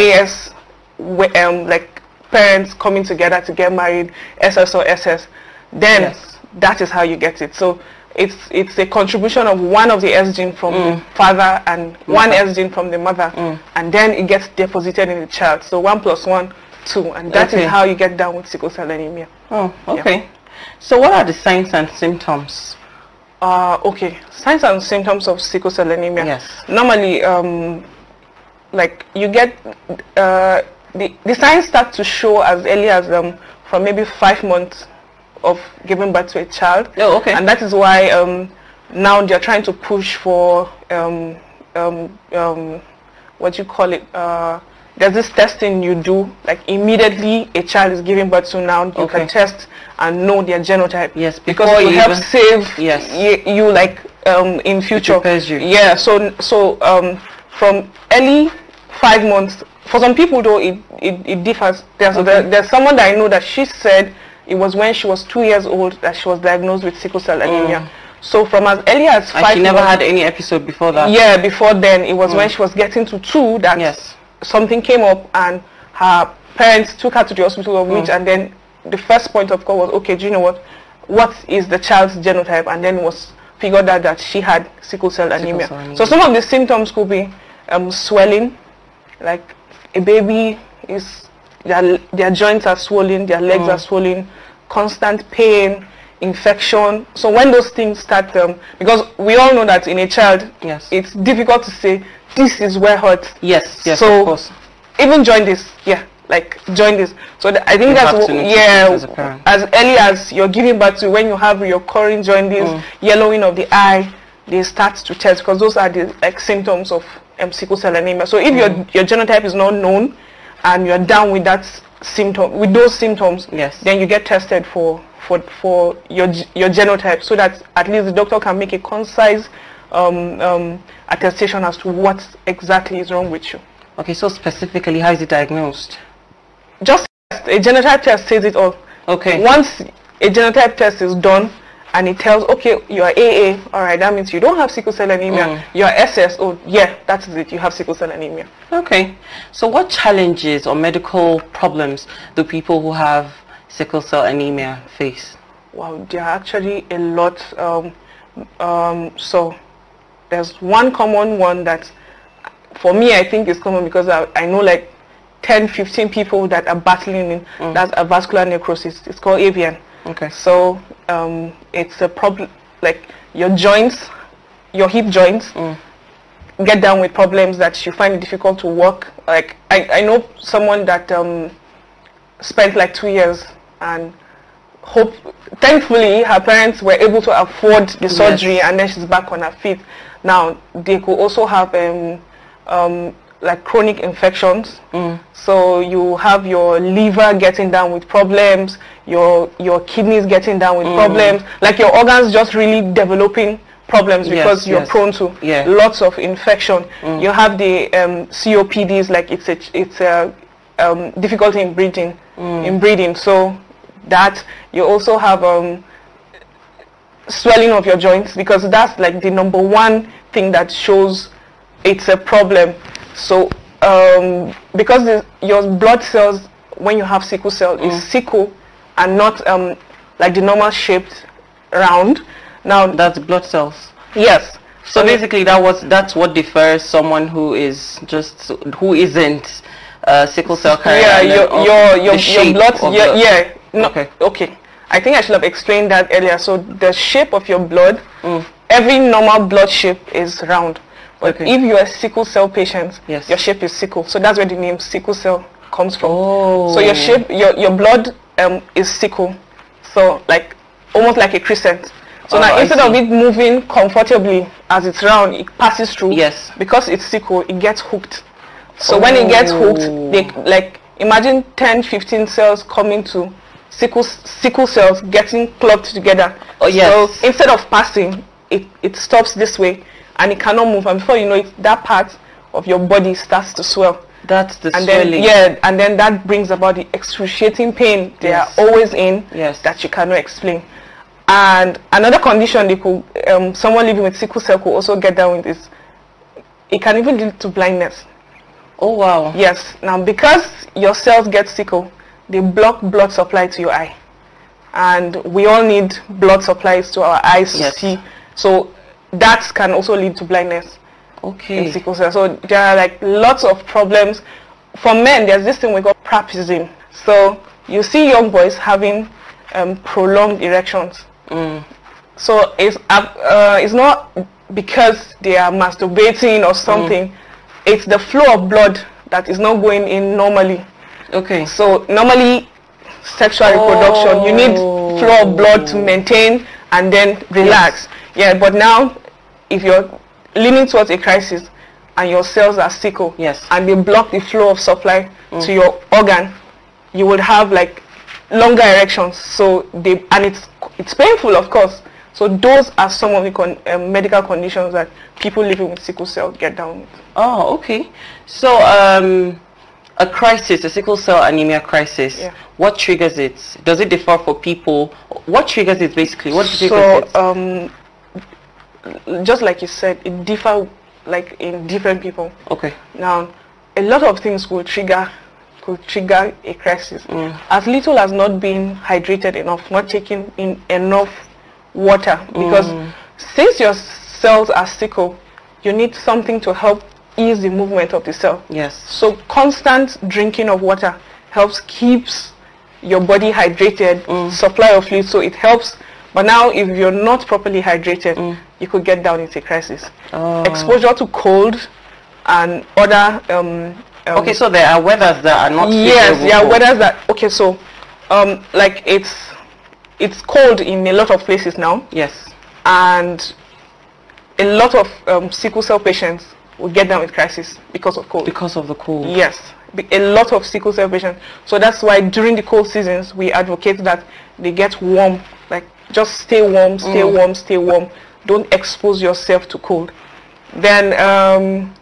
AS, um, like parents coming together to get married, SS or SS, then yes. that is how you get it. So it's it's a contribution of one of the S gene from mm. the father and one S gene from the mother, mm. and then it gets deposited in the child. So one plus one, two, and that okay. is how you get down with sickle cell anemia. Oh, okay. Yeah. So what are the signs and symptoms? Uh, okay, signs and symptoms of sickle cell anemia. Yes. Normally, um, like you get uh, the the signs start to show as early as um, from maybe five months of giving birth to a child. Oh, okay. And that is why um, now they're trying to push for um, um, um what you call it. Uh, there's this testing you do, like immediately a child is giving birth to now, you okay. can test and know their genotype. Yes, because it will help save yes. you like um, in future. It you. Yeah, so so um, from early five months. For some people though, it, it, it differs. There's, okay. there, there's someone that I know that she said it was when she was two years old that she was diagnosed with sickle cell anemia. Mm. So from as early as five. And she never months, had any episode before that. Yeah, before then it was mm. when she was getting to two that yes. something came up and her parents took her to the hospital of which mm. and then the first point of call was okay, do you know what? What is the child's genotype? And then was figured out that she had sickle cell anemia. cell anemia. So some of the symptoms could be um, swelling, like a baby is their their joints are swollen, their legs mm. are swollen, constant pain, infection. So when those things start, um, because we all know that in a child, yes, it's difficult to say this is where hurt. Yes, yes, so of course. Even join this, yeah, like join this. So th I think you that's what, yeah, as, as, early as you're giving birth to when you have recurring joint this mm. yellowing of the eye, they start to test because those are the like symptoms of um, sickle cell anemia. So if mm. your your genotype is not known and you're down with that symptom, with those symptoms, yes. then you get tested for for for your your genotype so that at least the doctor can make a concise um, um, attestation as to what exactly is wrong with you. Okay, so specifically, how is it diagnosed? Just a genotype test says it all. Okay. Once a genotype test is done, and it tells, okay, you are AA, all right, that means you don't have sickle cell anemia. Mm. You are SS, oh yeah, that is it, you have sickle cell anemia. Okay, so what challenges or medical problems do people who have sickle cell anemia face? Wow, there are actually a lot. Um, um, so there's one common one that for me I think is common because I, I know like 10, 15 people that are battling mm. that's a vascular necrosis. It's called avian. Okay. So um, it's a problem, like your joints, your hip joints, mm. get down with problems that you find it difficult to walk. Like I, I know someone that um, spent like two years and hope, thankfully her parents were able to afford the surgery yes. and then she's back on her feet. Now they could also have um, um like chronic infections. Mm. So you have your liver getting down with problems, your your kidneys getting down with mm. problems, like your organs just really developing problems because yes, you're yes. prone to yeah. lots of infection. Mm. You have the um, COPDs, like it's a it's a um, difficulty in breathing, mm. in breathing. So that you also have um, swelling of your joints because that's like the number one thing that shows it's a problem so um, because the, your blood cells, when you have sickle cell, mm. is sickle and not um, like the normal shaped round. Now that's blood cells. Yes. So basically, that was that's what differs someone who is just who isn't uh, sickle cell carrier. Yeah, your your your, your blood. Yeah, yeah. No, okay. Okay. I think I should have explained that earlier. So the shape of your blood, mm. every normal blood shape is round. But okay. if you're a sickle cell patient, yes. your shape is sickle. So that's where the name sickle cell comes from. Oh. So your oh. shape, your, your blood um, is sickle. So like almost like a crescent. So oh, now instead of it moving comfortably as it's round, it passes through. Yes. Because it's sickle, it gets hooked. So oh. when it gets oh. hooked, they like imagine 10, 15 cells coming to sickle, sickle cells getting clubbed together. Oh yes. So instead of passing, it, it stops this way and it cannot move and before you know it that part of your body starts to swell that's the and swelling. Then, yeah, and then that brings about the excruciating pain they yes. are always in yes. that you cannot explain. And another condition they could, um, someone living with sickle cell could also get down with is it can even lead to blindness. Oh wow. Yes. Now because your cells get sickle, they block blood supply to your eye. And we all need blood supplies to our eyes yes. to see. So that can also lead to blindness okay. in sickle cell. So there are like lots of problems. For men, there's this thing we call prapism. So you see young boys having um, prolonged erections. Mm. So it's, um, uh, it's not because they are masturbating or something. Mm. It's the flow of blood that is not going in normally. Okay. So normally sexual oh. reproduction, you need flow of blood to oh. maintain and then relax. Yes. Yeah, but now if you're leaning towards a crisis and your cells are sickle, oh, yes, and they block the flow of supply mm. to your organ, you would have like longer erections. So they and it's it's painful, of course. So those are some of the con um, medical conditions that people living with sickle cell get down with. Oh, okay. So um, a crisis, a sickle cell anemia crisis. Yeah. What triggers it? Does it differ for people? What triggers it basically? What triggers so, it? Um, just like you said, it differ like in different people. Okay. Now, a lot of things will trigger could trigger a crisis. Mm. As little as not being hydrated enough, not taking in enough water, mm. because mm. since your cells are sickle, you need something to help ease the movement of the cell. Yes. So constant drinking of water helps keeps your body hydrated, mm. supply of fluid, so it helps but now, if you're not properly hydrated, mm. you could get down into crisis. Oh. Exposure to cold and other. Um, um, okay, so there are weathers that are not. Yes, there are weathers that. Okay, so um, like it's it's cold in a lot of places now. Yes. And a lot of um, sickle cell patients will get down with crisis because of cold. Because of the cold. Yes a lot of sickle cell patients. So that's why during the cold seasons, we advocate that they get warm, like just stay warm, stay mm. warm, stay warm. Don't expose yourself to cold. Then um,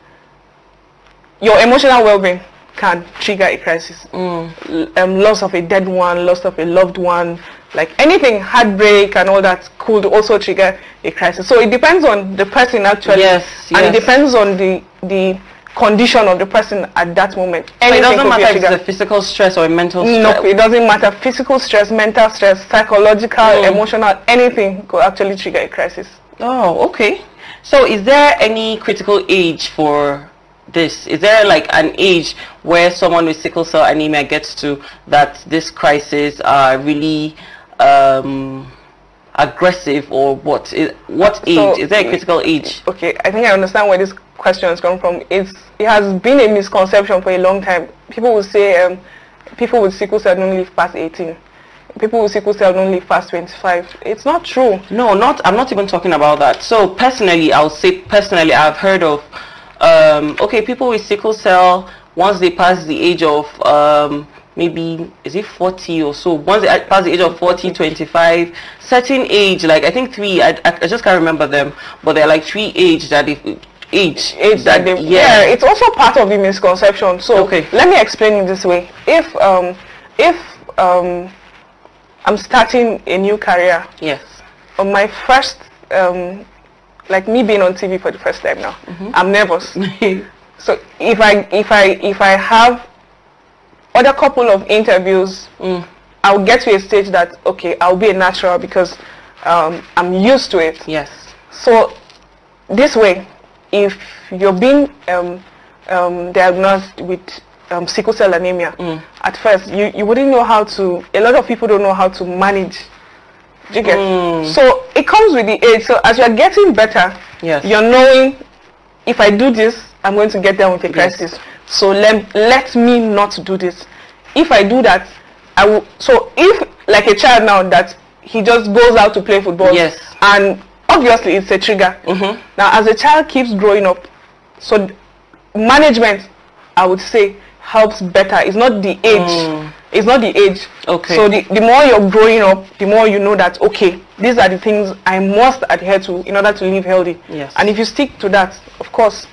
your emotional well-being can trigger a crisis. Mm. Um, loss of a dead one, loss of a loved one, like anything, heartbreak and all that could also trigger a crisis. So it depends on the person actually, yes, and yes. it depends on the the condition of the person at that moment. And it doesn't matter if it's a physical stress or a mental stress? No, it doesn't matter. Physical stress, mental stress, psychological, mm. emotional, anything could actually trigger a crisis. Oh, okay. So is there any critical age for this? Is there like an age where someone with sickle cell anemia gets to that this crisis uh, really... Um, aggressive or what? Is, what age? So, is there a critical mm, age? Okay, I think I understand where this question is come from. It's, it has been a misconception for a long time. People will say um, people with sickle cell don't live past 18 people with sickle cell don't live past 25. It's not true. No, not. I'm not even talking about that. So personally, I'll say personally, I've heard of um, okay, people with sickle cell once they pass the age of um, maybe is it 40 or so once they pass the age of 40 25 certain age like i think three i, I, I just can't remember them but they're like three age that if age age that, they yeah. yeah. it's also part of the misconception so okay let me explain it this way if um if um i'm starting a new career yes on my first um like me being on tv for the first time now mm -hmm. i'm nervous so if i if i if i have other couple of interviews, mm, I'll get to a stage that, okay, I'll be a natural because um, I'm used to it. Yes. So this way, if you're being um, um, diagnosed with um, sickle cell anemia, mm. at first, you, you wouldn't know how to, a lot of people don't know how to manage. Do you get? Mm. So it comes with the age. So as you're getting better, yes. you're knowing if I do this, I'm going to get down with a crisis. Yes. So let, let me not do this. If I do that, I will. So if, like a child now, that he just goes out to play football. Yes. And obviously it's a trigger. Mm-hmm. Now, as a child keeps growing up, so management, I would say, helps better. It's not the age. Mm. It's not the age. Okay. So the, the more you're growing up, the more you know that, okay, these are the things I must adhere to in order to live healthy. Yes. And if you stick to that, of course,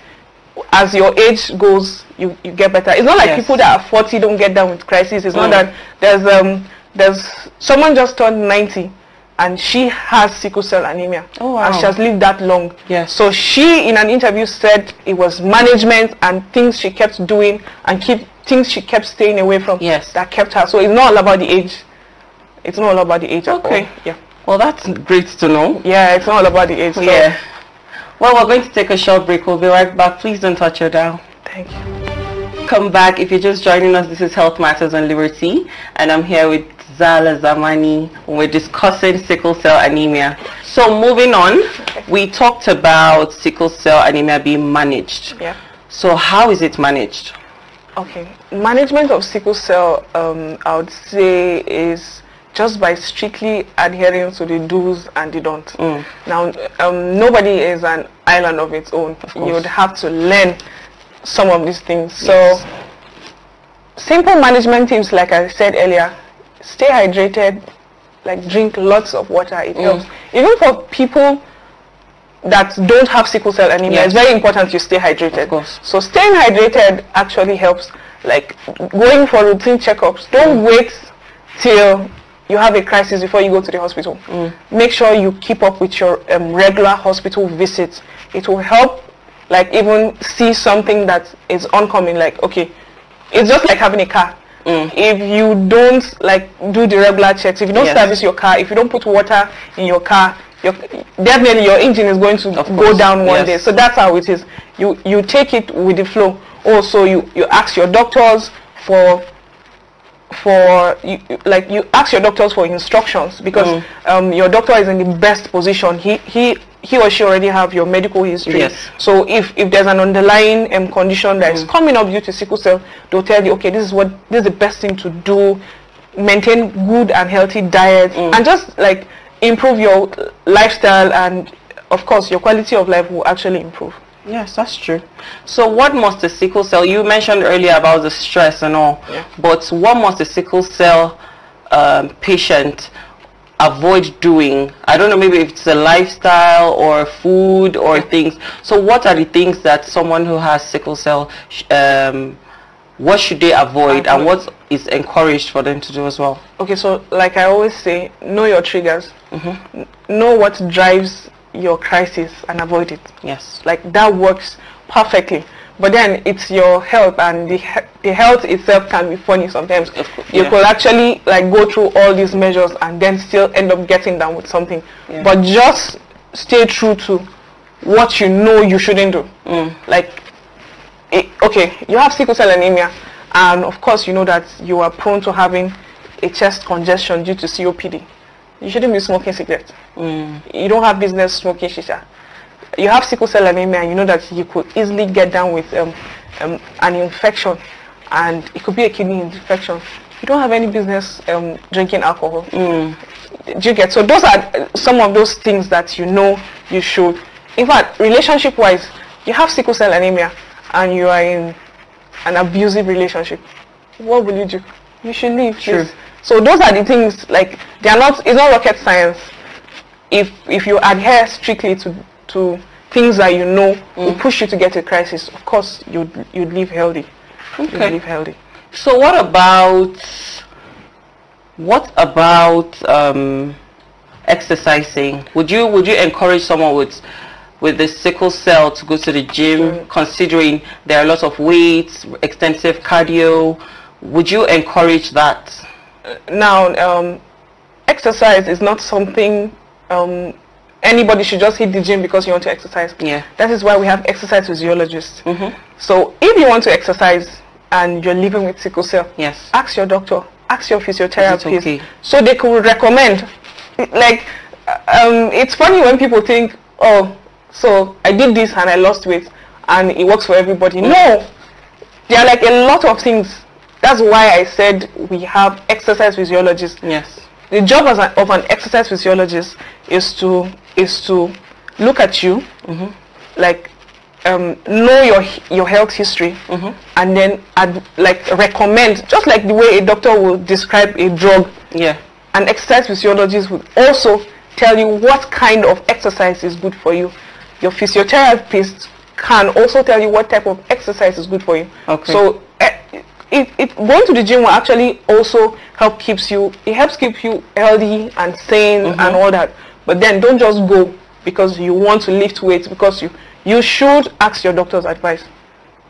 as your age goes, you, you get better. It's not like yes. people that are 40 don't get down with crises. It's mm. not that there's um there's someone just turned 90 and she has sickle cell anemia oh, wow. and she has lived that long yes so she in an interview said it was management and things she kept doing and keep things she kept staying away from yes that kept her so it's not all about the age it's not all about the age okay yeah well that's great to know yeah it's not all about the age so yeah well, we're going to take a short break. We'll be right back. Please don't touch your dial. Thank you. Come back. If you're just joining us, this is Health Matters on Liberty, and I'm here with Zala Zamani. We're discussing sickle cell anemia. So moving on, okay. we talked about sickle cell anemia being managed. Yeah. So how is it managed? Okay. Management of sickle cell, um, I would say, is just by strictly adhering to the do's and the don'ts. Mm. Now, um, nobody is an island of its own. Of you would have to learn some of these things. So, simple management tips, like I said earlier, stay hydrated, like drink lots of water. It mm. helps. Even for people that don't have sickle cell anemia, yes. it's very important you stay hydrated. Of course. So staying hydrated actually helps. Like going for routine checkups. Don't mm. wait till you have a crisis before you go to the hospital. Mm. Make sure you keep up with your um, regular hospital visits. It will help, like even see something that is oncoming. Like okay, it's just like having a car. Mm. If you don't like do the regular checks, if you don't yes. service your car, if you don't put water in your car, your, definitely your engine is going to go down one yes. day. So that's how it is. You you take it with the flow. Also, you you ask your doctors for for you, like you ask your doctors for instructions because mm. um, your doctor is in the best position. He he he or she already have your medical history. Yes. So if if there's an underlying um, condition that mm. is coming up due to sickle cell, they'll tell you, okay, this is what this is the best thing to do. Maintain good and healthy diet mm. and just like improve your lifestyle and of course your quality of life will actually improve. Yes, that's true. So what must the sickle cell, you mentioned earlier about the stress and all, yeah. but what must the sickle cell um, patient avoid doing? I don't know, maybe if it's a lifestyle or food or things. So what are the things that someone who has sickle cell, um, what should they avoid and what is encouraged for them to do as well? Okay, so like I always say, know your triggers. Mm -hmm. Know what drives your crisis and avoid it. Yes. Like that works perfectly. But then it's your health, and the the health itself can be funny sometimes. Of course, you yeah. could actually like go through all these measures and then still end up getting down with something. Yeah. But just stay true to what you know you shouldn't do. Mm. Like, it, okay, you have sickle cell anemia, and of course you know that you are prone to having a chest congestion due to COPD you shouldn't be smoking cigarettes. Mm. You don't have business smoking shisha. You have sickle cell anemia and you know that you could easily get down with um, um, an infection and it could be a kidney infection. You don't have any business um, drinking alcohol. Mm. Do you get? So those are uh, some of those things that you know you should. In fact, relationship-wise, you have sickle cell anemia and you are in an abusive relationship. What will you do? You should leave. Sure. So those are the things like they are not it's not rocket science if if you adhere strictly to to things that you know mm. will push you to get a crisis, of course you'd you'd live healthy. Okay. You'd live healthy. So what about what about um, exercising? Would you would you encourage someone with with the sickle cell to go to the gym, mm. considering there are lots of weights, extensive cardio? Would you encourage that? now, um, exercise is not something um, anybody should just hit the gym because you want to exercise. Yeah. That is why we have exercise physiologists. Mm -hmm. So if you want to exercise and you're living with sickle cell, yes. ask your doctor, ask your physiotherapist, okay? so they could recommend. Like, um, it's funny when people think, oh, so I did this and I lost weight and it works for everybody. Mm. No, there are like a lot of things that's why I said we have exercise physiologists. Yes. The job of an exercise physiologist is to is to look at you, mm -hmm. like um, know your your health history, mm -hmm. and then ad, like recommend just like the way a doctor would describe a drug. Yeah. An exercise physiologist would also tell you what kind of exercise is good for you. Your physiotherapist can also tell you what type of exercise is good for you. Okay. So it, it going to the gym will actually also help keeps you it helps keep you healthy and sane mm -hmm. and all that but then don't just go because you want to lift weights because you you should ask your doctor's advice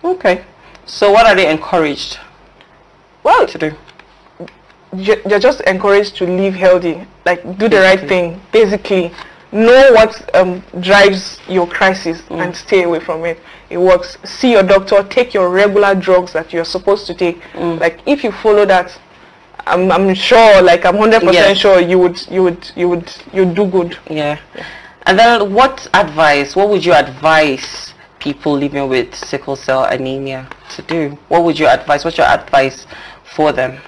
okay so what are they encouraged well to do you're just encouraged to live healthy like do the right mm-hmm. thing basically know what um, drives your crisis mm. and stay away from it it works see your doctor take your regular drugs that you're supposed to take mm. like if you follow that i'm i'm sure like i'm 100% yes. sure you would you would you would you do good yeah. yeah and then what advice what would you advise people living with sickle cell anemia to do what would you advise what's your advice for them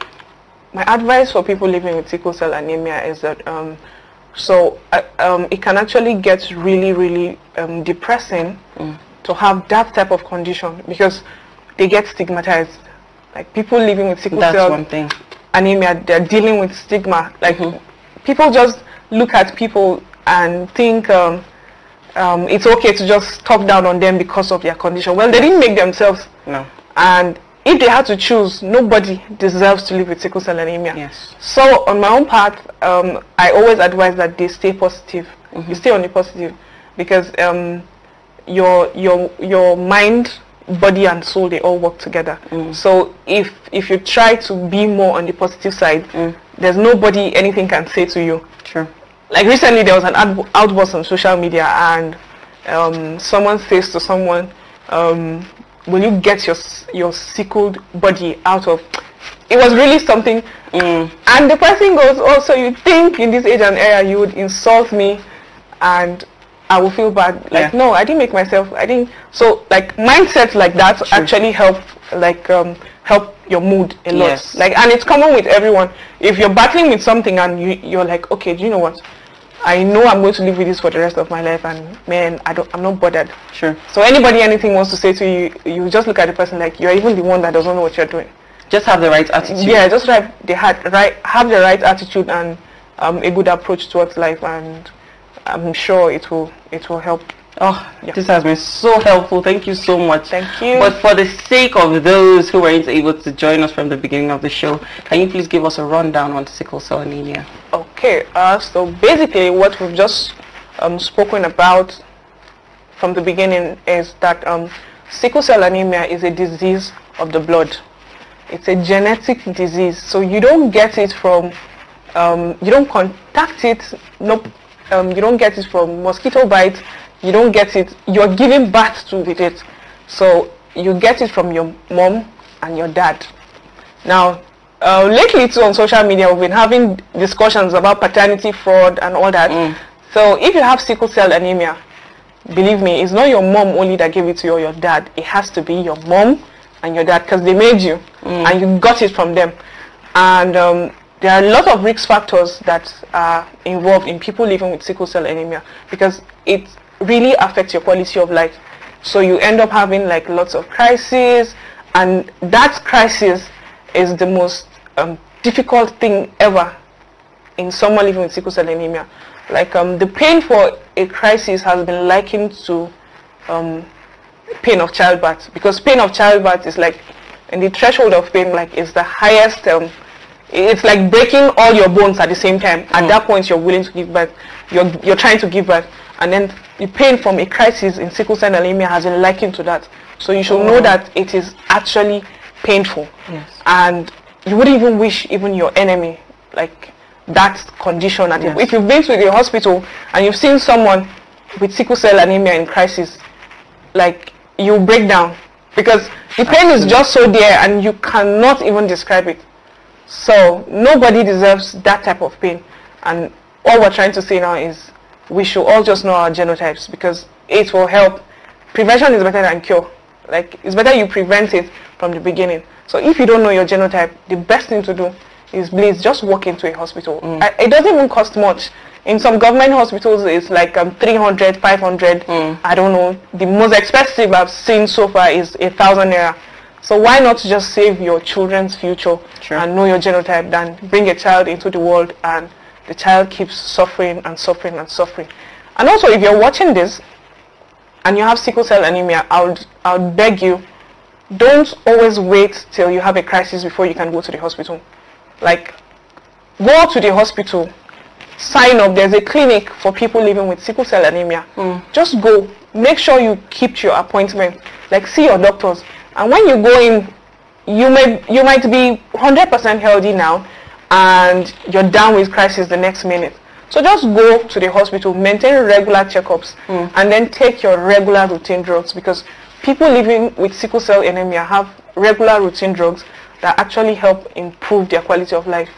my advice for people living with sickle cell anemia is that um, so uh, um, it can actually get really really um, depressing mm to have that type of condition because they get stigmatized. Like people living with sickle That's cell one thing. anemia, they're dealing with stigma. Like mm-hmm. people just look at people and think um, um, it's okay to just talk down on them because of their condition. Well, they didn't make themselves. No. And if they had to choose, nobody deserves to live with sickle cell anemia. Yes. So on my own part, um, I always advise that they stay positive. Mm-hmm. You stay on the positive because um, your your your mind body and soul they all work together mm. so if if you try to be more on the positive side mm. there's nobody anything can say to you sure like recently there was an ad- outburst on social media and um, someone says to someone um, will you get your your sickled body out of it was really something mm. and the person goes oh so you think in this age and era you would insult me and I will feel bad. Like yeah. no, I didn't make myself. I didn't. So like mindsets like that True. actually help like um, help your mood a lot. Yes. Like and it's common with everyone. If you're battling with something and you you're like okay, do you know what? I know I'm going to live with this for the rest of my life, and man, I don't, I'm not bothered. Sure. So anybody, anything wants to say to you, you just look at the person like you're even the one that doesn't know what you're doing. Just have the right attitude. Yeah, just have the right, have the right attitude and um, a good approach towards life, and I'm sure it will it will help. Oh, yeah. this has been so helpful. Thank you so much. Thank you. But for the sake of those who weren't able to join us from the beginning of the show, can you please give us a rundown on sickle cell anemia? Okay. Uh, so basically, what we've just um, spoken about from the beginning is that um, sickle cell anemia is a disease of the blood. It's a genetic disease. So you don't get it from, um, you don't contact it. Nope um, you don't get it from mosquito bite, you don't get it, you're giving birth to with it. So you get it from your mom and your dad. Now, uh, lately too on social media, we've been having discussions about paternity fraud and all that. Mm. So if you have sickle cell anemia, believe me, it's not your mom only that gave it to you or your dad. It has to be your mom and your dad because they made you mm. and you got it from them. And um, there are a lot of risk factors that are involved in people living with sickle cell anemia because it really affects your quality of life. So you end up having like lots of crises and that crisis is the most um, difficult thing ever in someone living with sickle cell anemia. Like um, the pain for a crisis has been likened to um, pain of childbirth because pain of childbirth is like, and the threshold of pain like is the highest um, it's like breaking all your bones at the same time. At mm. that point, you're willing to give birth. You're, you're trying to give birth. And then the pain from a crisis in sickle cell anemia has been likened to that. So you should know oh. that it is actually painful. Yes. And you wouldn't even wish even your enemy like that condition. at yes. if you've been to the hospital and you've seen someone with sickle cell anemia in crisis, like you break down because the pain Absolutely. is just so there and you cannot even describe it. So nobody deserves that type of pain. And all we're trying to say now is we should all just know our genotypes because it will help. Prevention is better than cure. Like it's better you prevent it from the beginning. So if you don't know your genotype, the best thing to do is please just walk into a hospital. Mm. I, it doesn't even cost much. In some government hospitals, it's like um, 300, 500. Mm. I don't know. The most expensive I've seen so far is a thousand naira so why not just save your children's future sure. and know your genotype than bring a child into the world and the child keeps suffering and suffering and suffering. And also, if you're watching this and you have sickle cell anemia, I would, I would beg you, don't always wait till you have a crisis before you can go to the hospital. Like, go to the hospital, sign up. There's a clinic for people living with sickle cell anemia. Mm. Just go. Make sure you keep your appointment. Like, see your doctors. And when you go in, you may you might be 100% healthy now, and you're down with crisis the next minute. So just go to the hospital, maintain regular checkups, mm. and then take your regular routine drugs because people living with sickle cell anemia have regular routine drugs that actually help improve their quality of life.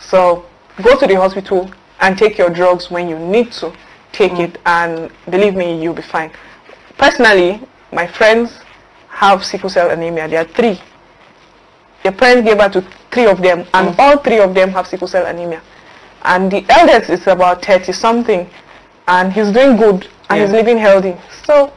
So go to the hospital and take your drugs when you need to take mm. it, and believe me, you'll be fine. Personally, my friends have sickle cell anemia. There are three. Your parents gave birth to three of them, and mm. all three of them have sickle cell anemia. And the eldest is about 30 something, and he's doing good, and yeah. he's living healthy. So,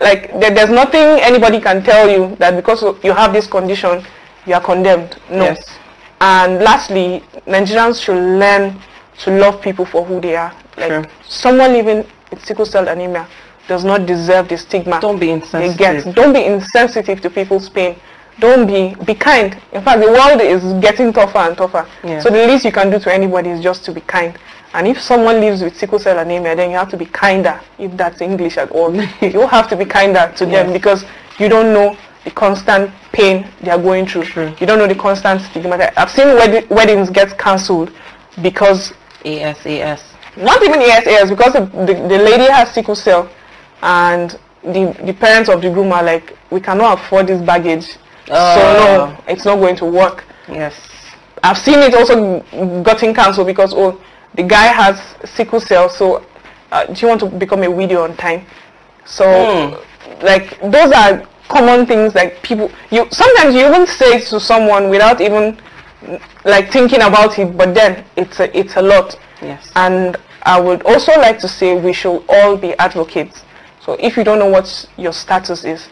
like, there, there's nothing anybody can tell you that because you have this condition, you are condemned. No. Yes. And lastly, Nigerians should learn to love people for who they are. Like, sure. someone living with sickle cell anemia does not deserve the stigma. Don't be insensitive. Don't be insensitive to people's pain. Don't be be kind. In fact, the world is getting tougher and tougher. So the least you can do to anybody is just to be kind. And if someone lives with sickle cell anemia, then you have to be kinder, if that's English at all. you have to be kinder to yes. them because you don't know the constant pain they are going through. True. You don't know the constant stigma. I've seen wed- weddings get cancelled because ASAS. Not even ASAS because the, the, the lady has sickle cell and the the parents of the groom are like, we cannot afford this baggage, uh, so no, oh. it's not going to work. Yes, I've seen it also gotten cancelled because oh, the guy has sickle cell, so uh, do you want to become a widow on time? So mm. like those are common things like people you sometimes you even say it to someone without even like thinking about it but then it's a, it's a lot yes and i would also like to say we should all be advocates so if you don't know what your status is,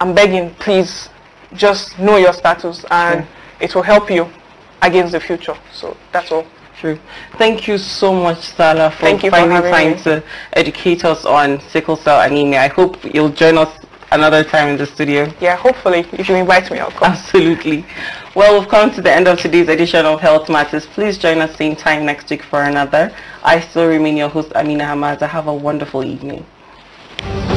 I'm begging, please, just know your status and it will help you against the future. So that's all. True. Thank you so much, Thala, for Thank you finding for time me. to educate us on sickle cell anemia. I hope you'll join us another time in the studio. Yeah, hopefully. If you invite me, I'll come. Absolutely. Well, we've come to the end of today's edition of Health Matters. Please join us same time next week for another. I still remain your host, Amina Hamada. Have a wonderful evening. Thank you.